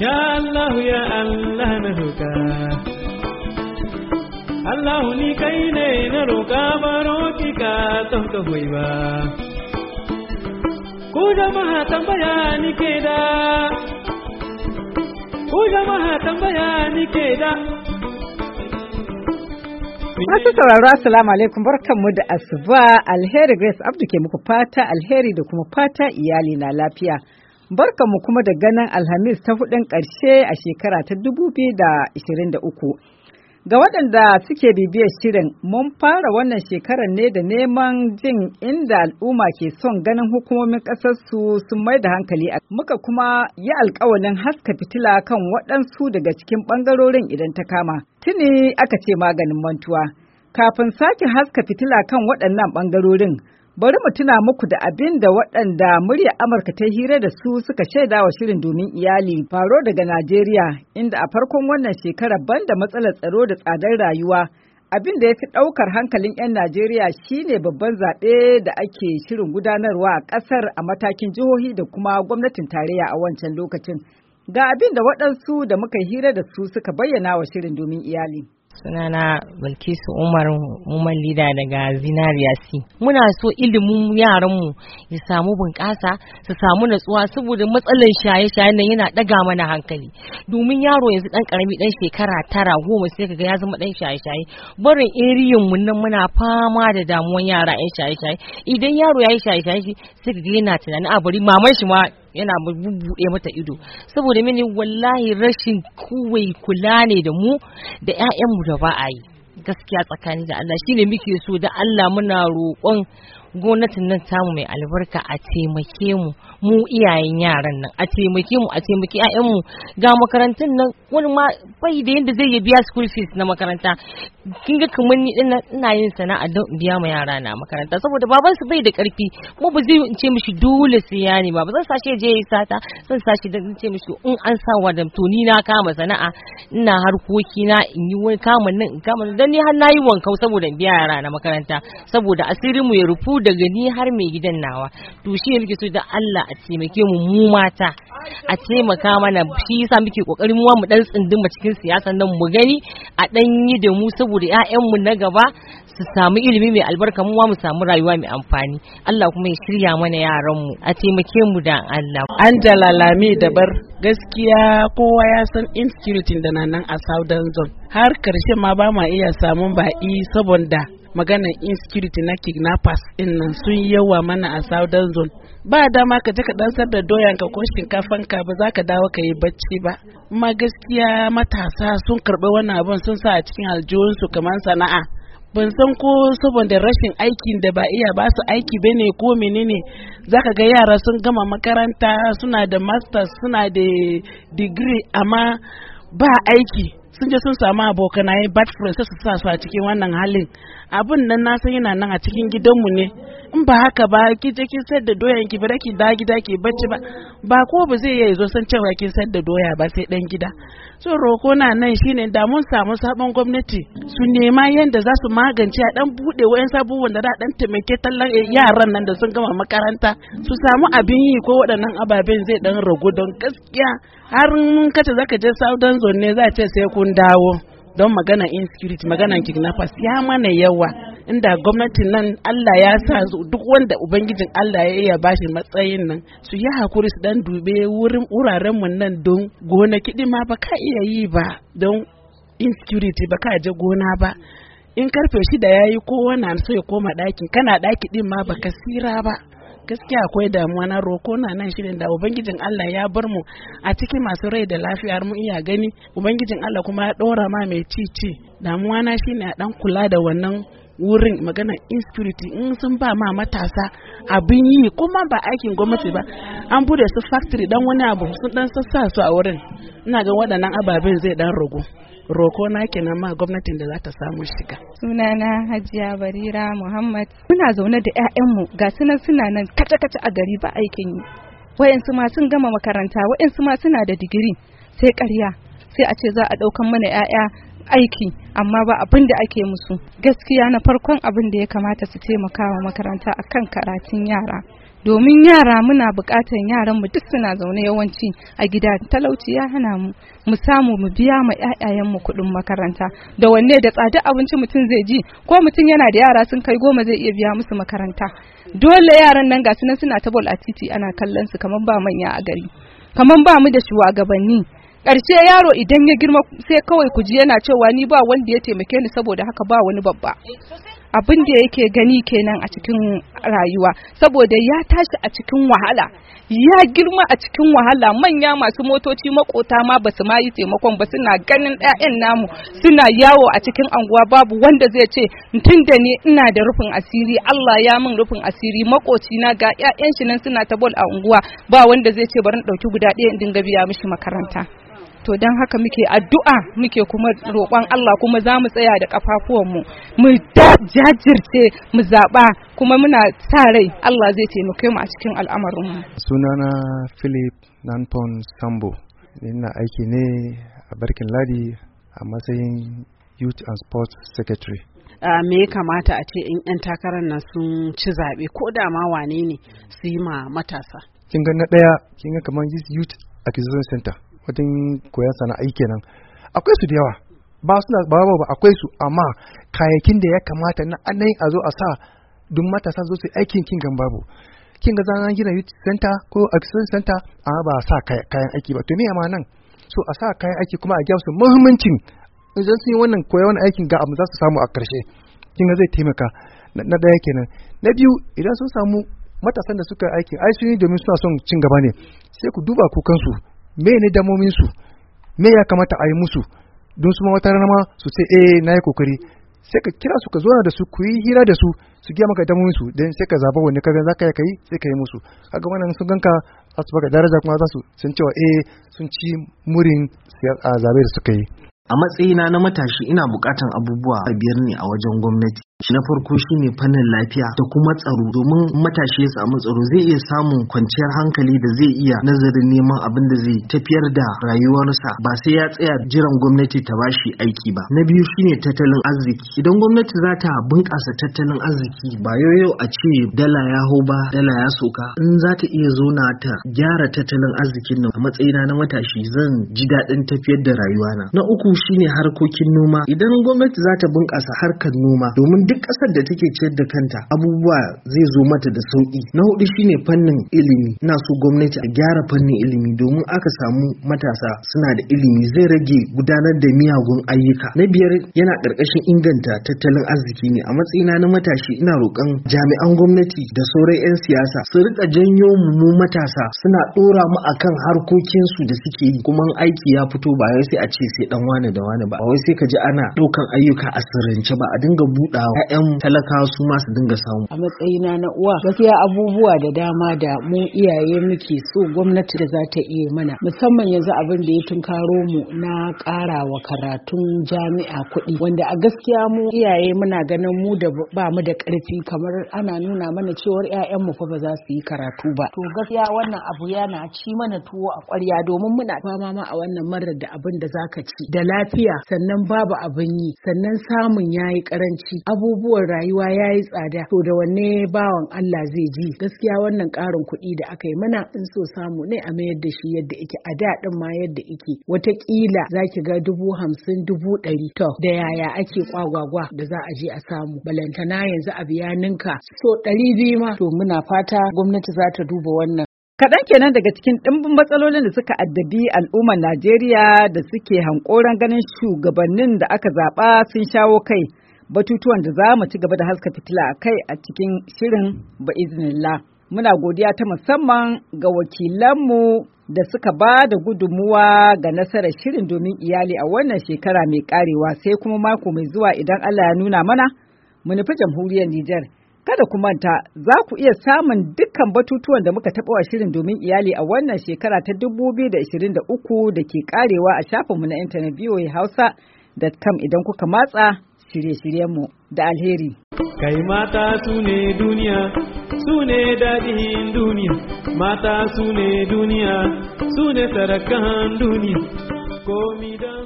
Ya Allah ya Allah na roƙa Allah ni kai ne na roƙa baro da Ku da Masu sauraro Assalamu alaikum barkanmu da asuba alheri Grace Abdu ke muku fata alheri da kuma fata iyali na lafiya. Barka mu kuma da ganin Alhamis ta hudun ƙarshe a shekara ta 2023. Ga waɗanda suke bibiyar shirin mun fara wannan shekarar ne da neman jin inda al'umma ke son ganin hukumomin ƙasarsu sun mai da hankali a muka kuma yi alkawalin haska fitila kan waɗansu daga cikin ɓangarorin idan ta kama. Tuni aka ce maganin mantuwa. Kafin sake haska fitila kan waɗannan ɓangarorin, bari mu tuna muku da abin da waɗanda murya Amurka ta hira da su suka shaida wa shirin domin iyali faro daga Najeriya inda a farkon wannan shekara banda matsalar tsaro da tsadar rayuwa abin da ya fi ɗaukar hankalin 'yan Najeriya shine babban zaɓe da ake shirin gudanarwa a ƙasar a matakin jihohi da kuma gwamnatin tarayya a wancan lokacin. Ga abin da waɗansu da muka hira da su suka bayyana wa shirin domin iyali. sunana bilkisu umar umar lida daga zinariya si muna so ilimin yaranmu ya samu bunƙasa su samu natsuwa saboda matsalar shaye-shaye nan yana ɗaga mana hankali domin yaro yanzu ɗan karami dan shekara tara goma sai kaga ya zama dan shaye-shaye barin eriyan mu nan muna fama da damuwan yara 'yan shaye-shaye idan yaro ya yi shaye-shaye sai kaga yana tunanin a bari maman ma yana bubbuɗe mata ido saboda mini wallahi rashin kuwai kula ne da mu da 'ya'yanmu da ba a yi gaskiya tsakani da Allah shine muke so da Allah muna roƙon gwamnatin nan tamu mai albarka a taimake mu mu iyayen yaran nan a taimake mu a taimake mu ga makarantun nan wani ma bai da yadda zai biya school fees na makaranta kin ga kamar ni ina yin sana'a don biya ma yara na makaranta saboda baban su bai da karfi kuma ba zai ce mishi dole su ya ne ba zan sashi je yi sata zan sashi da ce mishi in an sa wa da to ni na kama sana'a ina harkoki na in yi wani kama nan in kama dan ni har nayi wankau saboda in biya yara na makaranta saboda asirin mu ya rufu daga ni har mai gidan nawa to shi muke so da Allah a taimake mu mu mata a taimaka mana shi yasa muke kokarin mu mu dan tsindin cikin siyasa nan mu gani a dan yi da mu saboda ƴaƴan mu na gaba su samu ilimi mai albarka mu mu samu rayuwa mai amfani Allah kuma ya shirya mana yaran mu a taimake mu da Allah an dalalami dabar gaskiya kowa ya san insecurity da nan a Southern Zone har karshe ma ba ma iya samun baƙi saboda maganar insecurity na kidnappers din nan sun yawa mana a southern zone ba dama ka je ka ɗansar da doyan ka ko shinkafan ka ba za ka dawo ka yi bacci ba amma gaskiya matasa sun karbi wannan abun sun sa a cikin aljihun su kamar sana'a ban san ko saboda rashin aikin da ba iya ba su aiki bane ko menene zaka ga yara sun gama makaranta suna da masters suna da degree amma ba aiki sun je sun samu abokanaye bad friends su sa su a cikin wannan halin abin nan na san yana nan a cikin gidanmu ne in ba haka ba ki je kin sayar da doyan ki bare ki da gida ki bacci ba ba ko ba zai iya zo san cewa kin sayar da doya ba sai dan gida so roko na nan shine da mun samu sabon gwamnati su nema yanda za su magance a dan bude wayan sabuwan da dan taimake tallan eh, yaran nan da sun gama makaranta su samu abin yi ko waɗannan ababen zai dan ragu don gaskiya har mun kace zaka je saudan zone ne za ce sai kun dawo don magana insecurity magana kidnappers ya mana yawa inda gwamnatin nan Allah ya sa duk wanda ubangijin Allah ya iya bashi matsayin nan su yi hakuri su dan dube wurin wuraren mu nan don gona kiɗi ma ba ka iya yi ba don insecurity ba ka je gona ba in karfe shida ya yi kowa na so ya koma ɗakin kana ɗaki ɗin ma baka sira ba gaskiya akwai damuwa na roko na nan shirin da ubangijin Allah ya bar mu a cikin masu rai da lafiyar mu iya gani ubangijin Allah kuma ya ɗora ma mai ci ci damuwa na shine a ɗan kula da wannan wurin magana insecurity in sun ba ma matasa abin yi kuma ba aikin gwamnati ba an bude su factory dan wani abu sun dan sassa su a wurin ina ga waɗannan ababen zai dan rogo roko na kenan ma gwamnatin da za ta samu shiga. Sunana Hajiya Barira Muhammad muna zaune da 'ya'yanmu ga sunan suna nan kaca-kaca a gari ba aikin yi. Wayansu ma sun gama makaranta, wayansu ma suna da digiri sai ƙarya sai a ce za a ɗaukan mana 'ya'ya aiki amma ba abin da ake musu gaskiya na farkon abin da ya kamata su taimaka wa makaranta akan karatun yara domin yara muna bukatan yaran mu duk suna zaune yawanci a gida talauci ya hana mu mu samu mu biya ma ƴaƴayen mu kuɗin makaranta da wanne da tsada abinci mutum zai ji ko mutum yana da yara sun kai goma zai iya biya musu makaranta dole yaran nan gasu nan suna ta bol a titi ana kallon su kamar ba manya a gari kamar ba mu da shugabanni ƙarshe yaro idan ya girma sai kawai ku ji yana cewa ni ba wanda ya taimake ni saboda haka ba wani babba abin da yake gani kenan a cikin rayuwa saboda ya tashi a cikin wahala ya girma a cikin wahala manya masu motoci makota ma ba su ma yi taimakon ba suna ganin 'ya'yan namu suna yawo a cikin anguwa babu wanda zai ce tun da ni ina da rufin asiri Allah ya min rufin asiri makoci na ga 'ya'yan shi nan suna ta bol a unguwa ba wanda zai ce bari in ɗauki guda ɗaya in dinga biya mishi makaranta to don haka muke addu'a muke kuma roƙon Allah kuma za mu tsaya da ƙafafuwanmu, mu jajirce mu zaɓa kuma muna sa rai Allah zai taimake mu a cikin al'amarinmu. sunana philip nanton sambo ina aiki ne a barkin ladi a matsayin youth and sports secretary Uh, me ya kamata a ce in 'yan takarar nan sun ci zaɓe ko da ma wane ne su yi ma matasa kin ga na ɗaya kin ga kamar youth acquisition center wajen koyon sana'ai kenan akwai su da yawa ba na ba ba akwai su amma kayakin da ya kamata na anayin a zo a sa duk matasa zo su aikin kin gan babu kin ga zanen gina youth center ko accident center amma ba a sa kayan aiki ba to me ma nan so a sa kayan aiki kuma a gyara su muhimmancin idan sun yi wannan koyon aikin ga abu za su samu a karshe kin ga zai taimaka na daya kenan na biyu idan sun samu matasan da suka aiki ai sun yi domin suna son cin gaba ne sai ku duba kukansu me ne damomin su me ya kamata a yi musu don su ma wata rana su ce eh na yi kokari sai ka kira su ka zo da su ku yi hira da su su gaya maka damomin su dan sai ka zaba wani ka za ka yi kai sai ka yi musu kaga wannan sun ganka za su baka daraja kuma za su sun cewa eh sun ci murin a zabe da suka yi a matsayina na matashi ina bukatan abubuwa biyar ne a wajen gwamnati na farko shi ne fannin lafiya da kuma tsaro domin matashi ya samu tsaro zai iya samun kwanciyar hankali da zai iya nazarin neman abin da zai tafiyar da rayuwarsa ba sai ya tsaya jiran gwamnati ta bashi aiki ba na biyu shi ne tattalin arziki idan gwamnati za ta bunƙasa tattalin arziki ba yau a ce dala ya hau ba dala ya soka in za ta iya zona ta gyara tattalin arzikin nan a matsayina na matashi zan ji daɗin tafiyar da rayuwana na uku shi ne harkokin noma idan gwamnati za ta bunƙasa harkar noma domin duk ƙasar da take ciyar da kanta abubuwa zai zo mata da sauƙi na hudu shine fannin ilimi na so gwamnati a gyara fannin ilimi domin aka samu matasa suna da ilimi zai rage gudanar da miyagun ayyuka na biyar yana ƙarƙashin inganta tattalin arziki ne a matsayina na matashi ina roƙon jami'an gwamnati da sauran 'yan siyasa su rika janyo mu matasa suna ɗora mu akan harkokinsu da suke yi kuma aiki ya fito ba wai sai a ce sai dan wane da wane ba wai sai ka ji ana ɗaukan ayyuka a sirrance ba a dinga buɗawa ƴaƴan talaka su ma dinga samu. A matsayina na uwa gaskiya abubuwa da dama da mu iyaye muke so gwamnati da za ta iya mana musamman yanzu abin da ya tunkaro mu na ƙara wa karatun jami'a kuɗi wanda a gaskiya mu iyaye muna ganin mu da ba mu da ƙarfi kamar ana nuna mana cewar 'ya'yan mu fa ba za su yi karatu ba. To gaskiya wannan abu yana ci mana tuwo a ƙwarya domin muna fama ma a wannan marar da abin da za ka ci da lafiya sannan babu abin yi sannan samun yayi karanci abu abubuwan rayuwa ya yi tsada to da wanne bawan Allah zai ji gaskiya wannan karin kuɗi da aka yi mana in so samu ne a mayar da shi yadda ake a da din ma yadda ike wata za ki ga dubu hamsin dubu ɗari to da yaya ake kwagwagwa da za a je a samu balantana yanzu a biya ninka so ɗari biyu ma to muna fata gwamnati za ta duba wannan Kaɗan kenan daga cikin ɗimbin matsalolin da suka addabi al'ummar Najeriya da suke hankoran ganin shugabannin da aka zaɓa sun shawo kai. batutuwan da za mu ci gaba da haska fitila a kai a cikin shirin ba Muna godiya ta musamman ga wakilanmu da suka ba da gudunmuwa ga nasarar shirin domin iyali a wannan shekara mai karewa sai kuma mako mai zuwa idan Allah ya nuna mana mu nufi jamhuriyar Nijar. Kada ku manta za ku iya samun dukkan batutuwan da muka taɓa wa shirin domin iyali a wannan shekara ta 2023 da ke karewa a shafinmu na intanet voahausa.com idan kuka matsa shirye-shiryenmu da alheri. Kai mata su ne duniya, su ne daɗin duniya, mata su ne duniya, su ne sarakan duniya, komi da